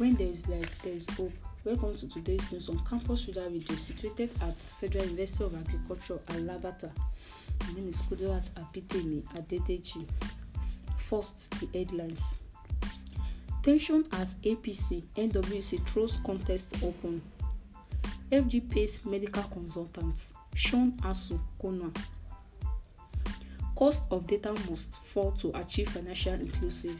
when there is life there is hope welcome to today's news on campus reader radio situated at federal university of agriculture alabata my name is kudirat abidemi adedeji first the headlines tension as apc nwc throws contest open FG pays medical consultant sean asu kona cost of data must fall to achieve financial inclusive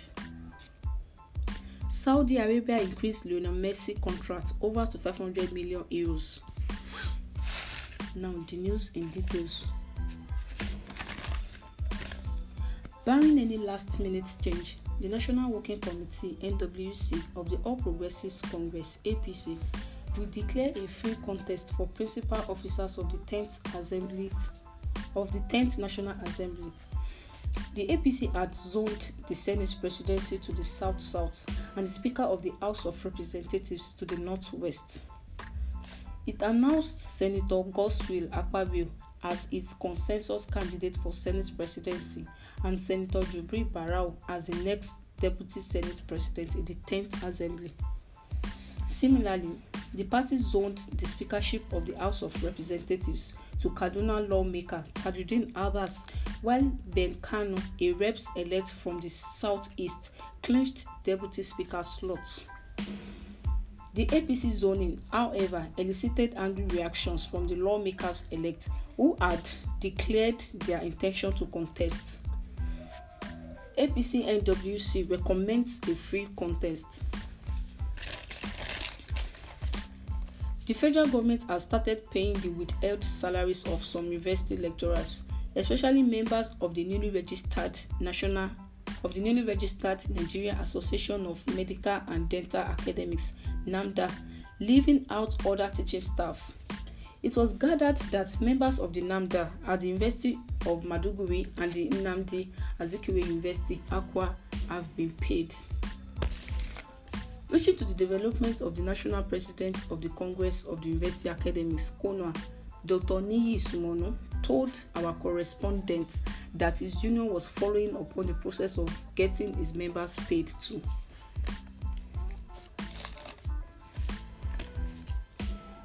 Saudi Arabia increased Lionel Messi contract over to 500 million euros. Now the news in details. Barring any last minute change, the National Working Committee NWC of the All Progressives Congress APC will declare a free contest for principal officers of the 10th Assembly of the 10th National Assembly. The APC had zoned the Senate presidency to the South South and the Speaker of the House of Representatives to the Northwest. It announced Senator Goswill Akpabio as its consensus candidate for Senate presidency and Senator Jubri Barau as the next deputy Senate president in the 10th Assembly. Similarly, the party zoned the speakership of the House of Representatives to Kaduna lawmaker Tajuddin Abbas, while Ben a reps elect from the southeast, clinched deputy speaker slot. The APC zoning, however, elicited angry reactions from the lawmakers elect who had declared their intention to contest. APC NWC recommends a free contest. The federal government has started paying the withheld salaries of some university lecturers, especially members of the newly registered National of the newly registered Nigerian Association of Medical and Dental Academics (NAMDA), leaving out other teaching staff. It was gathered that members of the NAMDA at the University of Maduguri and the Nnamdi Azikiwe University (Akwa) have been paid reaching to the development of the national president of the Congress of the University Academics, Kona, Dr. Niyi Sumono, told our correspondent that his union was following upon the process of getting its members paid too.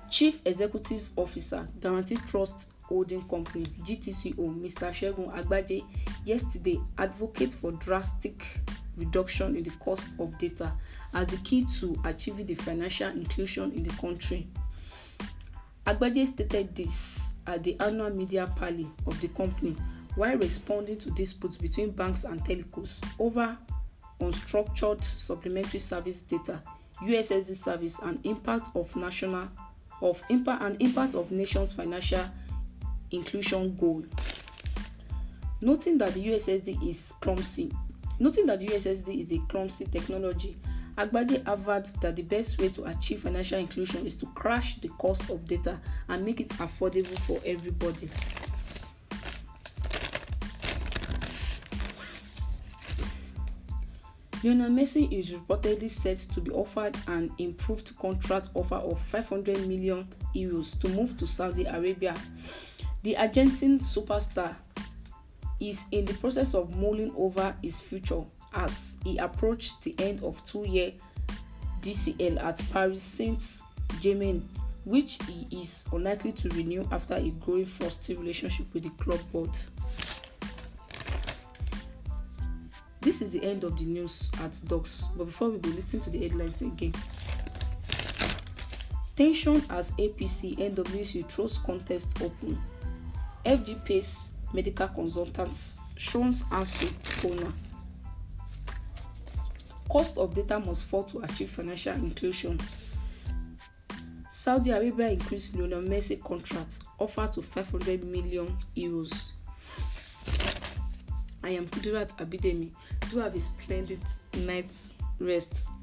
Chief Executive Officer, Guarantee Trust Holding Company, GTCO, Mr. Shegun Agbaje, yesterday advocate for drastic reduction in the cost of data as the key to achieving the financial inclusion in the country. Agbaje stated this at the annual media rally of the company while responding to disputes between banks and telcos over unstructured supplementary service data ussd service and impact of national of impact and impact of nations financial inclusion goal noting that the ussd is clumsy Noting that USSD is a clumsy technology, Agbadi averred that the best way to achieve financial inclusion is to crash the cost of data and make it affordable for everybody. Lionel Messi is reportedly set to be offered an improved contract offer of 500 million euros to move to Saudi Arabia. The Argentine superstar is in the process of mulling over his future as he approached the end of two year DCL at Paris Saint Germain, which he is unlikely to renew after a growing frosty relationship with the club board. This is the end of the news at Docs, but before we go listen to the headlines again. Tension as APC NWC throws contest open. FG Pace. medical consultants, shuns as owner. Cost of data must fall to achieve financial inclusion. Saudi Arabia increased Lionel Messi contract offer to 500 million euros. I am Kudirat Abidemi. Do have a splendid night rest.